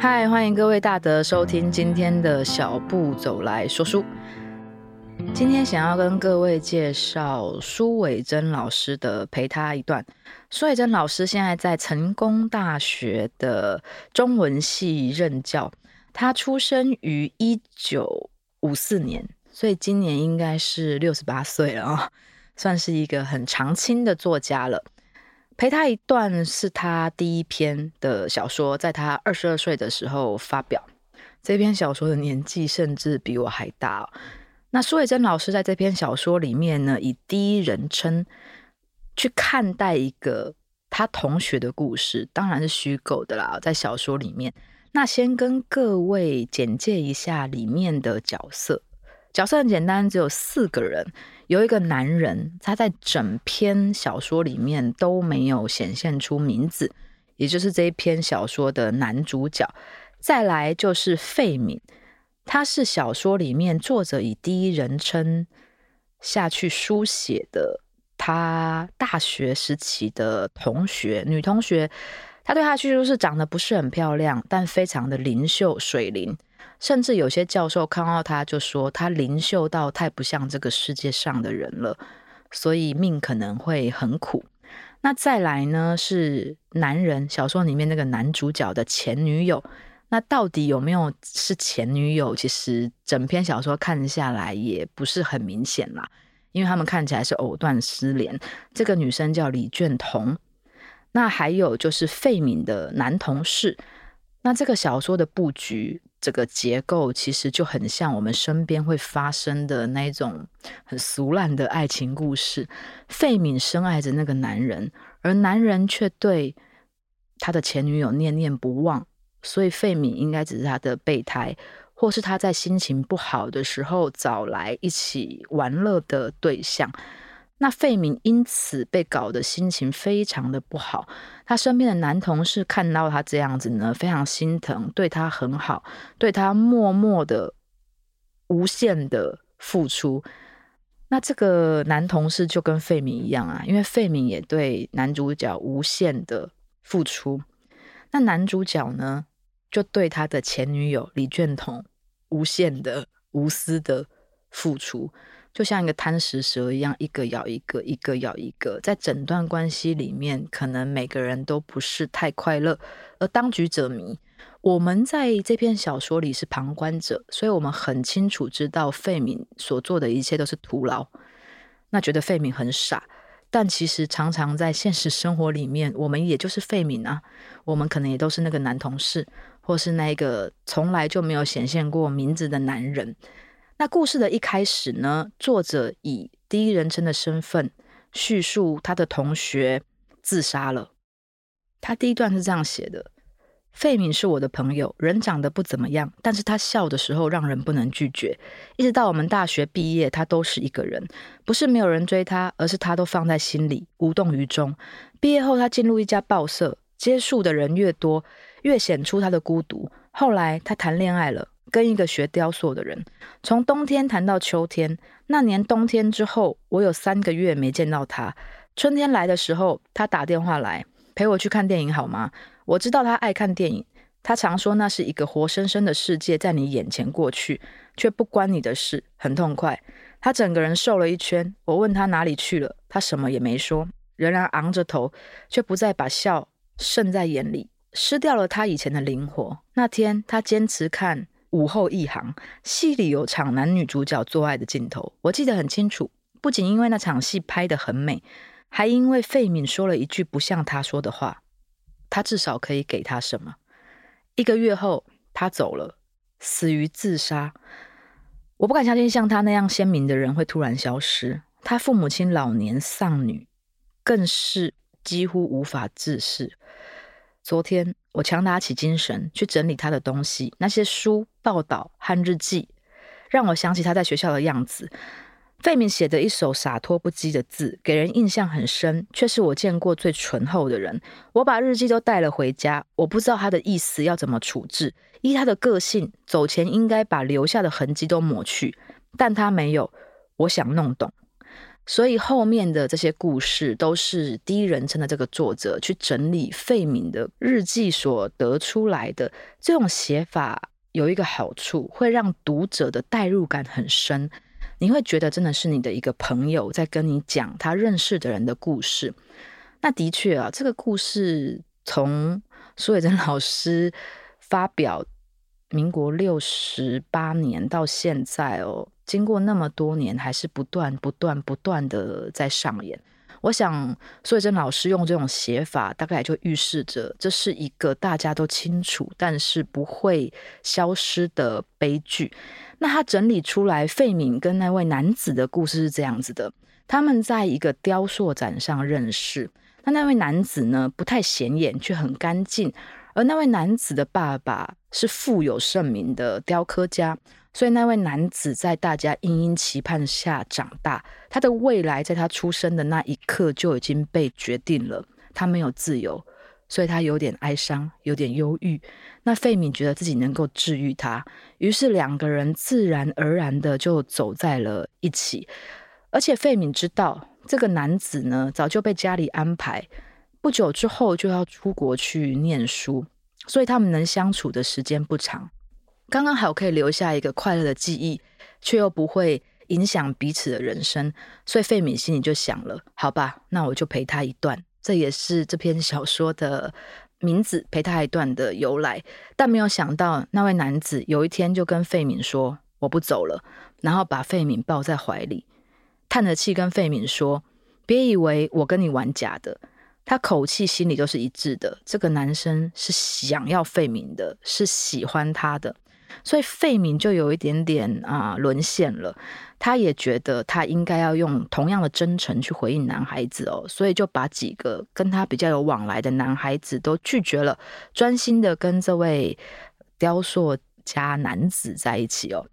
嗨，Hi, 歡迎各位大德收聽今天的小步走來說書。今天想要跟各位介紹蘇偉貞老師的《陪他一段》。蘇偉貞老師現在在成功大學的中文系任教。他出生於一九五四年，所以今年應該是六十八歲了啊、哦，算是一個很長青的作家了。陪他一段是他第一篇的小說，在他二十二歲的時候發表。這篇小說的年紀甚至比我還大哦。那蘇偉貞老師在這篇小說裡面呢，以第一人稱去看待一個他同學的故事，當然是虛構的啦，在小說裡面。那先跟各位簡介一下裡面的角色，角色很簡單，只有四個人。有一個男人，他在整篇小說裡面都沒有顯現出名字，也就是這一篇小說的男主角。再來就是費敏，他是小說裡面作者以第一人稱下去書寫的，他大學時期的同學，女同學，他對他去就是長得不是很漂亮，但非常的靈秀水靈。甚至有些教授看到他就說他靈秀到太不像這個世界上的人了，所以命可能會很苦。那再來呢是男人小說裡面那個男主角的前女友，那到底有沒有是前女友？其實整篇小說看下來也不是很明顯啦，因為他們看起來是藕斷絲連。這個女生叫李俊彤，那還有就是費敏的男同事。那這個小說的布局。這個結構其實就很像我們身邊會發生的那種很俗爛的愛情故事。費敏深愛着那個男人，而男人卻對他的前女友念念不忘，所以費敏應該只是他的備胎，或是他在心情不好的時候找來一起玩樂的對象。那費明因此被搞得心情非常的不好，他身邊的男同事看到他這樣子呢，非常心疼，對他很好，對他默默的無限的付出。那這個男同事就跟費明一樣啊，因為費明也對男主角無限的付出，那男主角呢，就對他的前女友李卷彤無限的無私的付出。就像一個貪食蛇一樣，一個咬一個，一個咬一個，在整段關係裡面，可能每個人都不是太快樂。而當局者迷，我們在這篇小說裡是旁觀者，所以我們很清楚知道費敏所做的一切都是徒勞。那覺得費敏很傻，但其實常常在現實生活裡面，我們也就是費敏啊，我們可能也都是那個男同事，或是那個從來就沒有顯現過名字的男人。那故事的一開始呢，作者以第一人稱的身份敘述他的同學自殺了。他第一段是這樣寫的：“費敏是我的朋友，人長得不怎麼樣，但是他笑的時候讓人不能拒絕。一直到我們大學畢業，他都是一個人，不是沒有人追他，而是他都放在心裡，無動於衷。畢業後，他進入一家報社，接觸的人越多，越顯出他的孤獨。後來，他談戀愛了。”跟一個學雕塑的人，從冬天談到秋天。那年冬天之後，我有三個月沒見到他。春天來的時候，他打電話來，陪我去看電影好嗎？我知道他愛看電影，他常說那是一個活生生的世界，在你眼前過去，卻不關你的事，很痛快。他整個人瘦了一圈。我問他哪裡去了，他什麼也沒說，仍然昂着頭，卻不再把笑滲在眼裡，失掉了他以前的靈活。那天他堅持看。午後一行戲裡有場男女主角做愛的鏡頭，我記得很清楚，不僅因為那場戲拍得很美，還因為費敏說了一句不像他說的話。他至少可以給他什麼？一個月後，他走了，死於自殺。我不敢相信像他那樣鮮明的人會突然消失。他父母親老年喪女，更是幾乎無法自視。昨天我強打起精神去整理他的東西，那些書。報道和日記讓我想起他在學校的樣子。費敏寫的一手灑脫不羈的字，給人印象很深，卻是我見過最醇厚的人。我把日記都帶了回家，我不知道他的意思要怎麼處置。依他的個性，走前應該把留下的痕跡都抹去，但他沒有。我想弄懂，所以後面的這些故事都是第一人稱的這個作者去整理費敏的日記所得出來的這種寫法。有一個好處，會讓讀者的代入感很深，你會覺得真的是你的一個朋友在跟你講他認識的人的故事。那的確啊，這個故事從蘇偉貞老師發表民國六十八年到現在哦，經過那麼多年，還是不斷、不斷、不斷的在上演。我想，蘇偉貞老師用這種寫法，大概就預示着這是一個大家都清楚，但是不會消失的悲劇。那他整理出來費敏跟那位男子的故事是這樣子的：他們在一個雕塑展上認識，那那位男子呢，不太顯眼，卻很乾淨，而那位男子的爸爸是富有盛名的雕刻家。所以那位男子在大家殷殷期盼下長大，他的未來在他出生的那一刻就已經被決定了，他沒有自由，所以他有點哀傷，有點憂鬱。那費敏覺得自己能夠治癒他，於是兩個人自然而然的就走在了一起。而且費敏知道這個男子呢，早就被家裡安排，不久之後就要出國去念書，所以他們能相處的時間不長，剛剛好可以留下一個快樂的記憶，卻又不會影響彼此的人生，所以費敏心裡就想了：好吧，那我就陪他一段。這也是這篇小說的名字《陪他一段》的由來。但沒有想到，那位男子有一天就跟費敏說：“我不走了。”然後把費敏抱在懷裡，嘆着氣跟費敏說：“別以為我跟你玩假的。”他口氣心裡都是一致的。這個男生是想要費敏的，是喜歡他的。所以費敏就有一點點啊淪陷了，他也覺得他應該要用同樣的真誠去回應男孩子，哦，所以就把幾個跟他比較有往來的男孩子都拒絕了，專心的跟這位雕塑家男子在一起哦。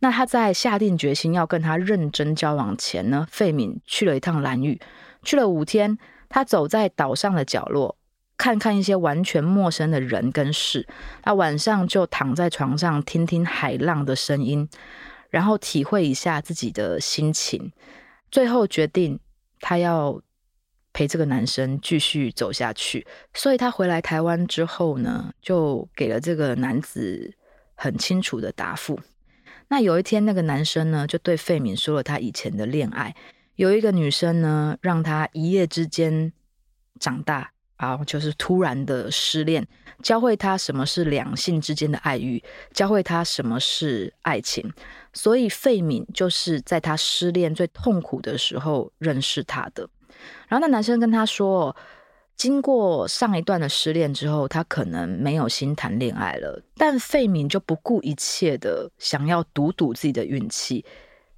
那他在下定決心要跟他認真交往前呢，費敏去了一趟蘭嶼，去了五天，他走在島上的角落，看看一些完全陌生的人跟事，那晚上就躺在床上聽聽海浪的聲音，然後體會一下自己的心情。最後決定，他要陪這個男生繼續走下去。所以他回來台灣之後呢，就給了這個男子很清楚的答覆。那有一天，那個男生呢，就對費敏說了他以前的戀愛，有一個女生呢，讓他一夜之間長大。然後就是突然的失戀，教會他什麼是兩性之間的愛慾，教會他什麼是愛情。所以費敏就是在他失戀最痛苦的時候認識他的。然後那男生跟他說，經過上一段的失戀之後，他可能沒有心談戀愛了。但費敏就不顧一切的想要賭賭自己的運氣。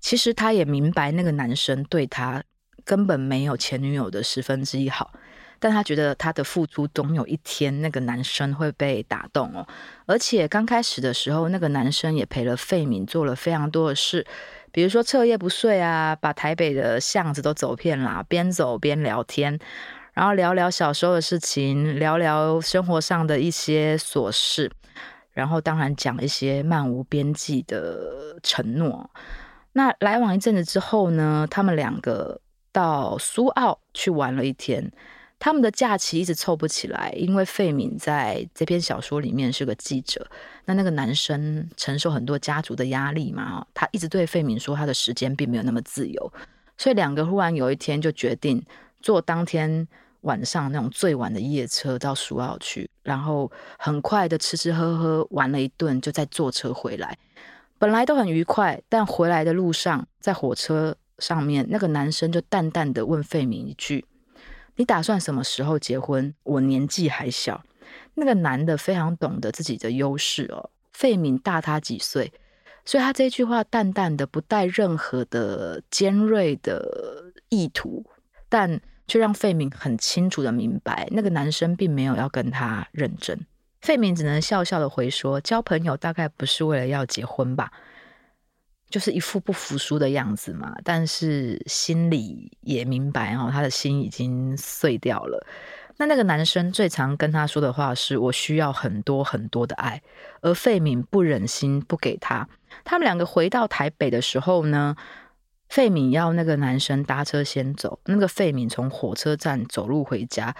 其實他也明白，那個男生對他根本沒有前女友的十分之一好。但他覺得他的付出總有一天那個男生會被打動哦，而且剛開始的時候，那個男生也陪了費敏做了非常多的事，比如說徹夜不睡啊，把台北的巷子都走遍啦啊，邊走邊聊天，然後聊聊小時候的事情，聊聊生活上的一些瑣事，然後當然講一些漫無邊際的承諾。那來往一陣子之後呢，他們兩個到蘇澳去玩了一天。他們的假期一直湊不起來，因為費敏在這篇小說裡面是個記者，那那個男生承受很多家族的壓力嘛，他一直對費敏說他的時間並沒有那麼自由，所以兩個忽然有一天就決定坐當天晚上那種最晚的夜車到蘇澳去，然後很快的吃吃喝喝玩了一頓，就再坐車回來。本來都很愉快，但回來的路上在火車上面，那個男生就淡淡的問費敏一句。你打算什麼時候結婚？我年紀還小。那個男的非常懂得自己的優勢哦。費敏大他幾歲，所以他這句話淡淡的，不帶任何的尖銳的意圖，但卻讓費敏很清楚的明白，那個男生並沒有要跟他認真。費敏只能笑笑的回說：“交朋友大概不是為了要結婚吧。”就是一副不服輸的樣子嘛，但是心裡也明白哦，他的心已經碎掉了。那那個男生最常跟他說的話是：“我需要很多很多的愛。”而費敏不忍心不給他。他們兩個回到台北的時候呢，費敏要那個男生搭車先走，那個費敏從火車站走路回家。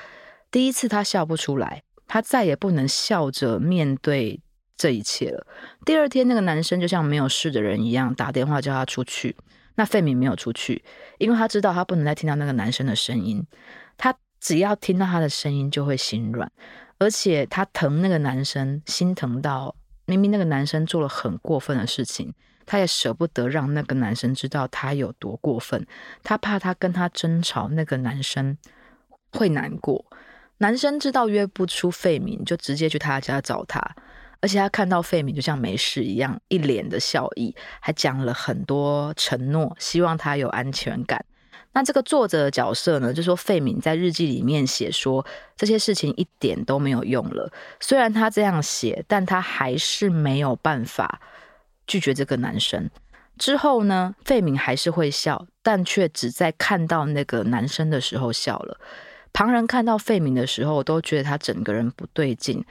第一次他笑不出來，他再也不能笑着面對，這一切了。第二天，那個男生就像沒有事的人一樣打電話叫他出去。那費敏沒有出去，因為他知道他不能再聽到那個男生的聲音。他只要聽到他的聲音就會心軟，而且他疼那個男生，心疼到明明那個男生做了很過分的事情，他也捨不得讓那個男生知道他有多過分。他怕他跟他爭吵，那個男生會難過。男生知道約不出費敏，就直接去他家找他。而且他看到費敏就像沒事一樣，一臉的笑意，還講了很多承諾，希望他有安全感。那這個作者的角色呢？就說費敏在日記裡面寫說，這些事情一點都沒有用了。雖然他這樣寫，但他還是沒有辦法拒絕這個男生。之後呢，費敏還是會笑，但卻只在看到那個男生的時候笑了。旁人看到費敏的時候，都覺得他整個人不對勁。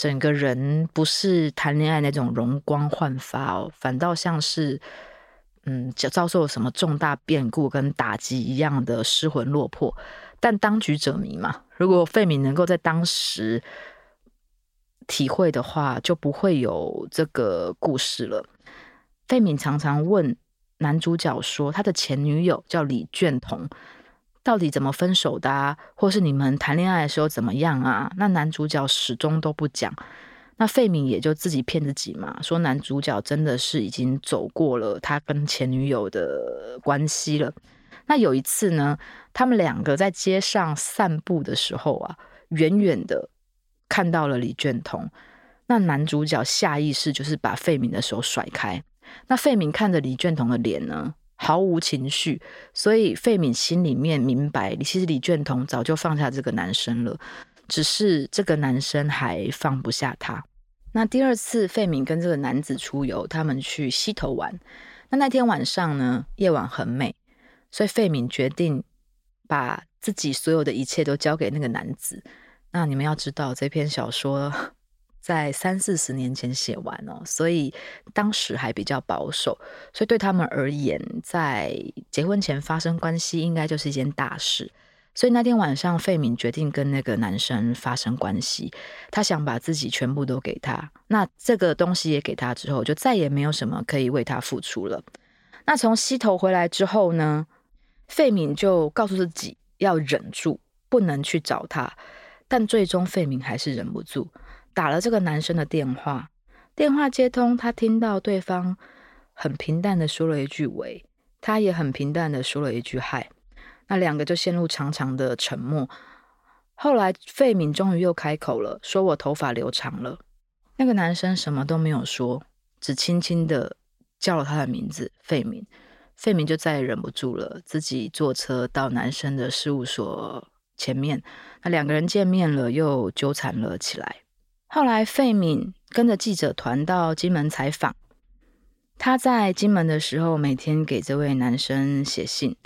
整個人不是談戀愛那種容光煥發哦，反倒像是嗯遭受了什麼重大變故跟打擊一樣的失魂落魄。但當局者迷嘛，如果費敏能夠在當時體會的話，就不會有這個故事了。費敏常常問男主角說，他的前女友叫李眷彤。到底怎麼分手的啊，或是你們談戀愛的時候怎麼樣啊？那男主角始終都不講，那費敏也就自己騙自己嘛，說男主角真的是已經走過了他跟前女友的關係了。那有一次呢，他們兩個在街上散步的時候啊，遠遠的看到了李俊彤，那男主角下意識就是把費敏的手甩開，那費敏看着李俊彤的臉呢。毫無情緒，所以費敏心裡面明白，其實李俊彤早就放下這個男生了，只是這個男生還放不下他。那第二次費敏跟這個男子出遊，他們去溪頭玩。那那天晚上呢，夜晚很美，所以費敏決定把自己所有的一切都交給那個男子。那你們要知道，這篇小說。在三四十年前寫完哦，所以當時還比較保守，所以對他們而言，在結婚前發生關係應該就是一件大事。所以那天晚上，費敏決定跟那個男生發生關係，他想把自己全部都給他，那這個東西也給他之後，就再也沒有什麼可以為他付出了。那從溪頭回來之後呢，費敏就告訴自己要忍住，不能去找他，但最終費敏還是忍不住。打了這個男生的電話，電話接通，他聽到對方很平淡的說了一句“喂”，他也很平淡的說了一句“嗨”，那兩個就陷入長長的沉默。後來費敏終於又開口了，說我頭髮留長了。那個男生什麼都沒有說，只輕輕的叫了他的名字“費敏”。費敏就再也忍不住了，自己坐車到男生的事務所前面，那兩個人見面了，又糾纏了起來。後來，費敏跟着記者團到金門採訪。他在金門的時候，每天給這位男生寫信。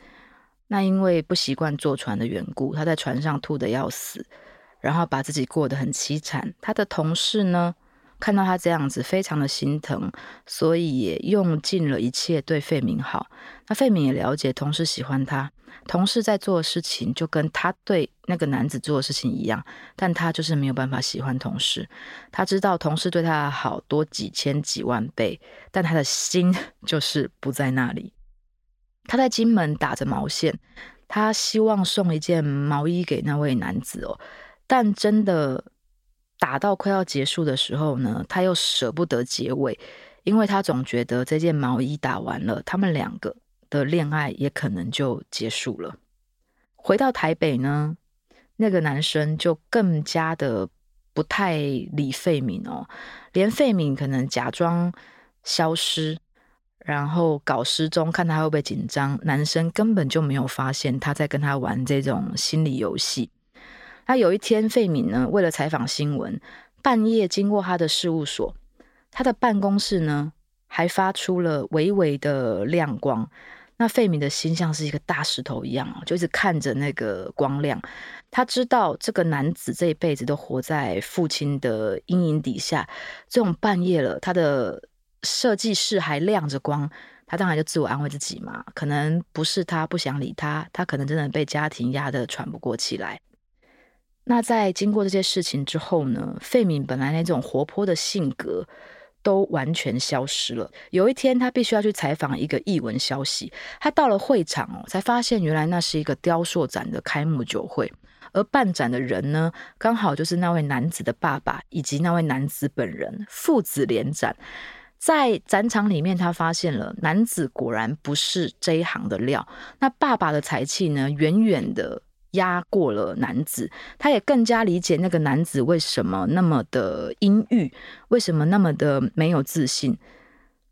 那因為不習慣坐船的緣故，他在船上吐得要死，然後把自己過得很淒慘。他的同事呢，看到他這樣子，非常的心疼，所以也用盡了一切對費明好。那費明也了解，同事喜歡他，同事在做的事情，就跟他對那個男子做的事情一樣。但他就是沒有辦法喜歡同事。他知道同事對他的好多幾千幾萬倍，但他的心就是不在那裡。他在金門打着毛線，他希望送一件毛衣給那位男子哦，但真的。打到快要結束的時候呢，他又捨不得結尾，因為他總覺得這件毛衣打完了，他們兩個的戀愛也可能就結束了。回到台北呢，那個男生就更加的不太理費敏哦，連費敏可能假裝消失，然後搞失蹤，看他會不會緊張。男生根本就沒有發現他在跟他玩這種心理遊戲。他有一天，費敏呢，為了採訪新聞，半夜經過他的事務所，他的辦公室呢還發出了微微的亮光。那費敏的心像是一個大石頭一樣，就一直看着那個光亮。他知道這個男子這一輩子都活在父親的陰影底下。這種半夜了他的設計室還亮着光，他當然就自我安慰自己嘛，可能不是他不想理他，他可能真的被家庭壓得喘不過氣來。那在經過這些事情之後呢，費敏本來那種活潑的性格都完全消失了。有一天，他必須要去採訪一個藝文消息。他到了會場哦，才發現原來那是一個雕塑展的開幕酒會，而辦展的人呢，剛好就是那位男子的爸爸以及那位男子本人，父子聯展。在展場裡面，他發現了男子果然不是這一行的料，那爸爸的才氣呢，遠遠的。壓過了男子，他也更加理解那個男子為什麼那麼的陰鬱，為什麼那麼的沒有自信。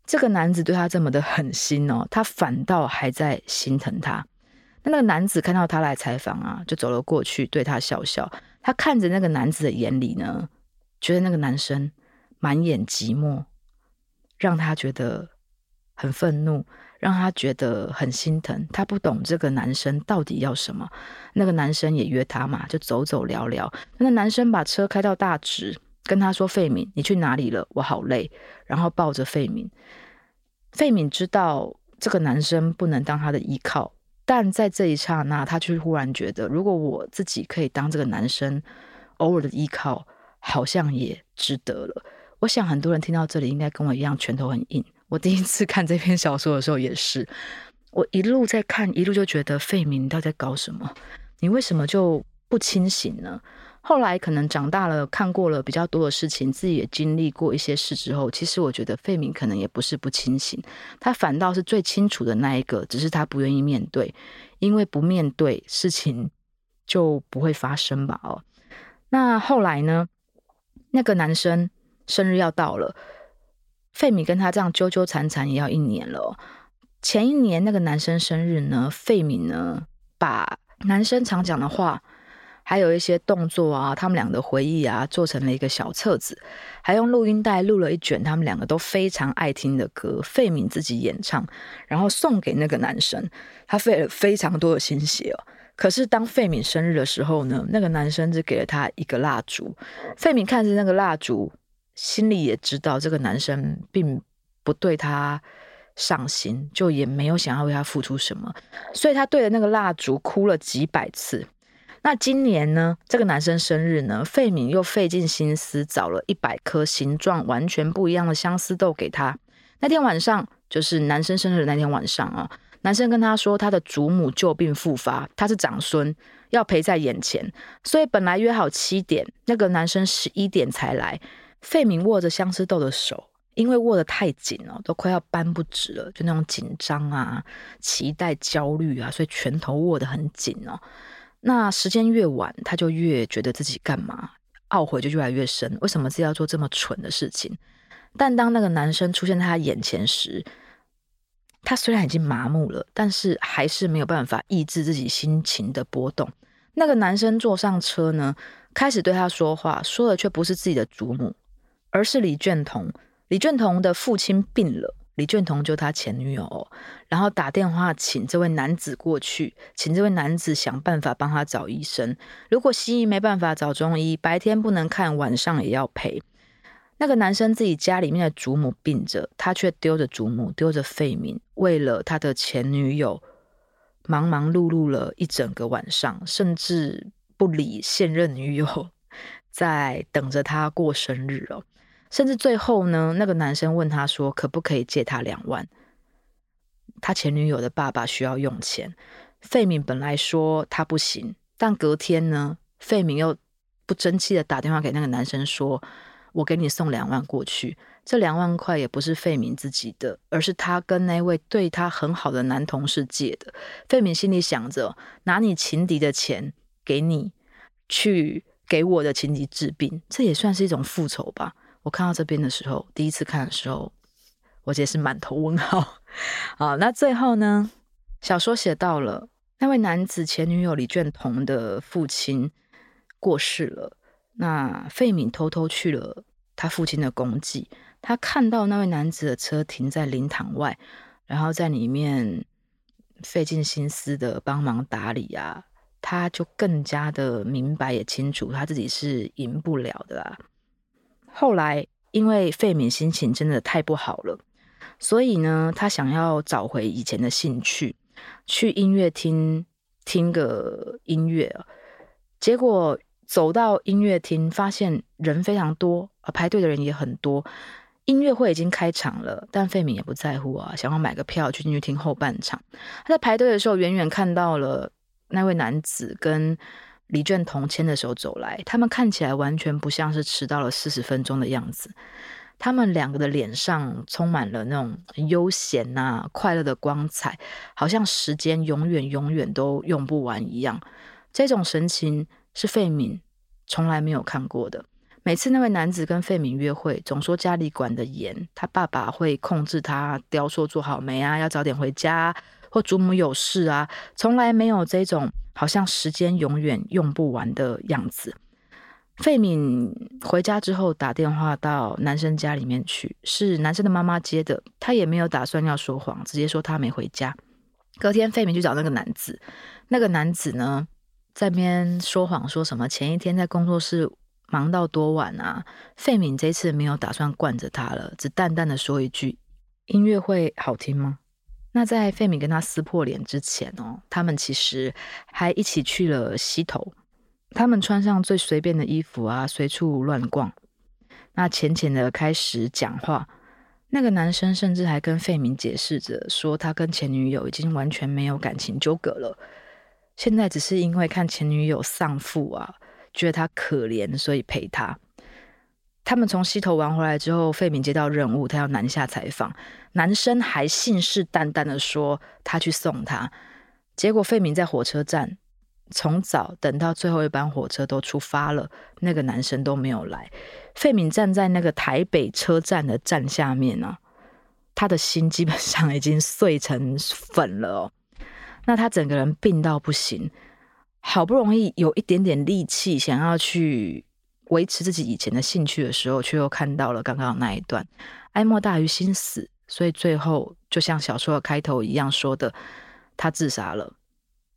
這個男子對他這麼的狠心哦，他反倒還在心疼他。那個男子看到他來採訪啊，就走了過去，對他笑笑。他看着那個男子的眼裡呢，覺得那個男生滿眼寂寞，讓他覺得很憤怒。讓他覺得很心疼，他不懂這個男生到底要什麼。那個男生也約他嘛，就走走聊聊。那個男生把車開到大直，跟他說：“費敏，你去哪裡了？我好累。”然後抱着費敏。費敏知道這個男生不能當他的依靠，但在這一剎那，他卻忽然覺得，如果我自己可以當這個男生偶爾的依靠，好像也值得了。我想很多人聽到這裡，應該跟我一樣，拳頭很硬。我第一次看這篇小說的時候，也是我一路在看，一路就覺得費明到底在搞什麼？你為什麼就不清醒呢？後來可能長大了，看過了比較多的事情，自己也經歷過一些事之後，其實我覺得費明可能也不是不清醒，他反倒是最清楚的那一個，只是他不願意面對，因為不面對事情就不會發生吧？哦，那後來呢？那個男生生日要到了。費米跟他這樣糾糾纏纏也要一年了哦。前一年那個男生生日呢，費米呢把男生常講的話，還有一些動作啊，他們倆的回憶啊，做成了一個小冊子，還用錄音帶錄了一卷他們兩個都非常愛聽的歌，費米自己演唱，然後送給那個男生。他費了非常多的心血哦。可是當費米生日的時候呢，那個男生只給了他一個蠟燭。費米看着那個蠟燭，心裡也知道這個男生並不對他上心，就也沒有想要為他付出什麼，所以他對着那個蠟燭哭了幾百次。那今年呢，這個男生生日呢，費敏又費盡心思找了一百顆形狀完全不一樣的相思豆給他。那天晚上，就是男生生日那天晚上啊，男生跟他說，他的祖母舊病復發，他是長孫，要陪在眼前，所以本來約好七點，那個男生十一點才來。費明握着相思豆的手，因為握得太緊哦，都快要扳不直了，就那種緊張啊、期待、焦慮啊，所以拳頭握得很緊哦。那時間越晚，他就越覺得自己幹嘛，懊悔就越來越深，為什麼自己要做這麼蠢的事情？但當那個男生出現在他眼前時，他雖然已經麻木了，但是還是沒有辦法抑制自己心情的波動。那個男生坐上車呢，開始對他說話，說的卻不是自己的祖母。而是李卷同，李卷同的父親病了，李卷同就他前女友哦，然後打電話請這位男子過去，請這位男子想辦法幫他找醫生。如果西醫沒辦法找中醫，白天不能看，晚上也要陪。那個男生自己家裡面的祖母病着，他卻丟着祖母，丟着費明，為了他的前女友，忙忙碌碌了一整個晚上，甚至不理現任女友，在等着他過生日哦。甚至最後呢，那個男生問他說：“可不可以借他兩萬？”他前女友的爸爸需要用錢。費敏本來說他不行，但隔天呢，費敏又不爭氣的打電話給那個男生說：“我給你送兩萬過去，這兩萬塊也不是費敏自己的，而是他跟那位對他很好的男同事借的。”費敏心裡想着：“拿你情敵的錢給你，去給我的情敵治病，這也算是一種復仇吧。”我看到這邊的時候，第一次看的時候，我姐是滿頭問號。 好，那最後呢？小說寫到了那位男子前女友李卷彤的父親過世了。那費敏偷偷去了他父親的公祭，他看到那位男子的車停在靈堂外，然後在裡面費盡心思的幫忙打理啊，他就更加的明白也清楚，他自己是贏不了的啦。後來，因為費敏心情真的太不好了，所以呢，他想要找回以前的興趣，去音樂廳聽個音樂啊。結果走到音樂廳，發現人非常多啊，排隊的人也很多。音樂會已經開場了，但費敏也不在乎啊，想要買個票去進去聽後半場。他在排隊的時候，遠遠看到了那位男子跟李倦同牽的時候走來，他們看起來完全不像是遲到了四十分鐘的樣子。他們兩個的臉上充滿了那種悠閒吶、啊、快樂的光彩，好像時間永遠永遠都用不完一樣。這種神情是費敏從來沒有看過的。每次那位男子跟費敏約會，總說家裡管得嚴，他爸爸會控制他雕塑做好沒啊，要早點回家。或祖母有事啊，從來沒有這種好像時間永遠用不完的樣子。費敏回家之後打電話到男生家裡面去，是男生的媽媽接的，他也沒有打算要說謊，直接說他沒回家。隔天費敏去找那個男子，那個男子呢，在那邊說謊說什麼前一天在工作室忙到多晚啊？費敏這次沒有打算慣着他了，只淡淡的說一句：“音樂會好聽嗎？”那在費米跟他撕破臉之前哦，他們其實還一起去了溪頭，他們穿上最隨便的衣服啊，隨處亂逛，那淺淺的開始講話。那個男生甚至還跟費米解釋着說，他跟前女友已經完全沒有感情糾葛了，現在只是因為看前女友喪父啊，覺得他可憐，所以陪他。他們從溪頭玩回來之後，費敏接到任務，他要南下採訪。男生還信誓旦旦的說他去送他，結果費敏在火車站從早等到最後一班火車都出發了，那個男生都沒有來。費敏站在那個台北車站的站下面呢、啊，他的心基本上已經碎成粉了哦。那他整個人病到不行，好不容易有一點點力氣，想要去。維持自己以前的興趣的時候，卻又看到了剛剛那一段，哀莫大於心死，所以最後就像小說的開頭一樣說的，他自殺了。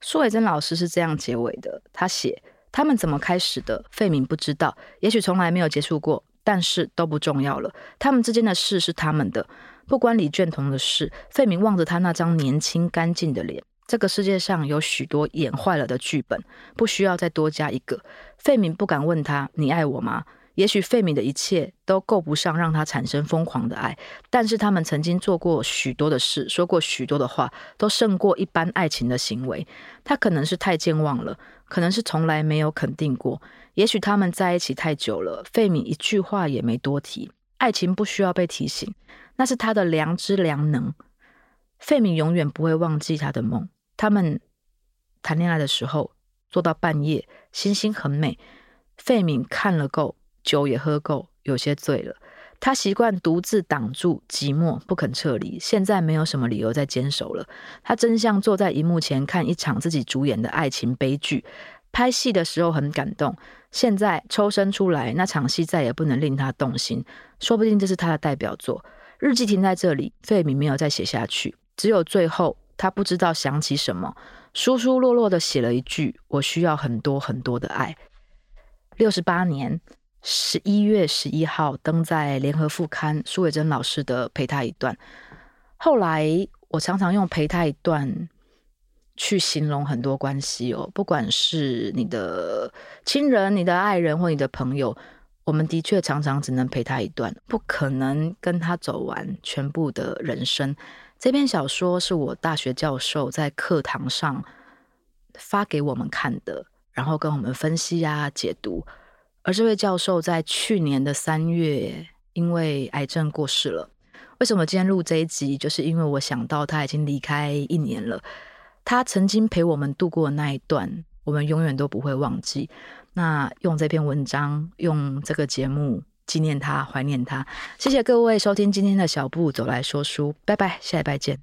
蘇偉貞老師是這樣結尾的，他寫他們怎麼開始的，費明不知道，也許從來沒有接觸過，但是都不重要了，他們之間的事是他們的，不關李卷童的事。費明望着他那張年輕乾淨的臉。這個世界上有許多演壞了的劇本，不需要再多加一個。費敏不敢問他：“你愛我嗎？”也許費敏的一切都夠不上讓他產生瘋狂的愛，但是他們曾經做過許多的事，說過許多的話，都勝過一般愛情的行為。他可能是太健忘了，可能是從來沒有肯定過。也許他們在一起太久了，費敏一句話也沒多提。愛情不需要被提醒，那是他的良知良能。費敏永遠不會忘記他的夢。他們談戀愛的時候坐到半夜，星星很美。費敏看了夠，酒也喝夠，有些醉了。他習慣獨自擋住寂寞，不肯撤離。現在沒有什麼理由再堅守了。他真像坐在熒幕前看一場自己主演的愛情悲劇。拍戲的時候很感動，現在抽身出來，那場戲再也不能令他動心。說不定這是他的代表作。日記停在這裡，費敏沒有再寫下去，只有最後。他不知道想起什麼，疏疏落落的寫了一句：“我需要很多很多的愛。”六十八年十一月十一號登在《聯合副刊》，蘇偉貞老師的《陪他一段》。後來我常常用“陪他一段”去形容很多關係哦，不管是你的親人、你的愛人或你的朋友，我們的確常常只能陪他一段，不可能跟他走完全部的人生。這篇小說是我大學教授在課堂上發給我們看的，然後跟我們分析啊、解讀。而這位教授在去年的三月因為癌症過世了。為什麼今天錄這一集，就是因為我想到他已經離開一年了，他曾經陪我們度過的那一段，我們永遠都不會忘記。那用這篇文章，用這個節目。紀念他，懷念他。謝謝各位收聽今天的小布走來說書，拜拜，下禮拜見。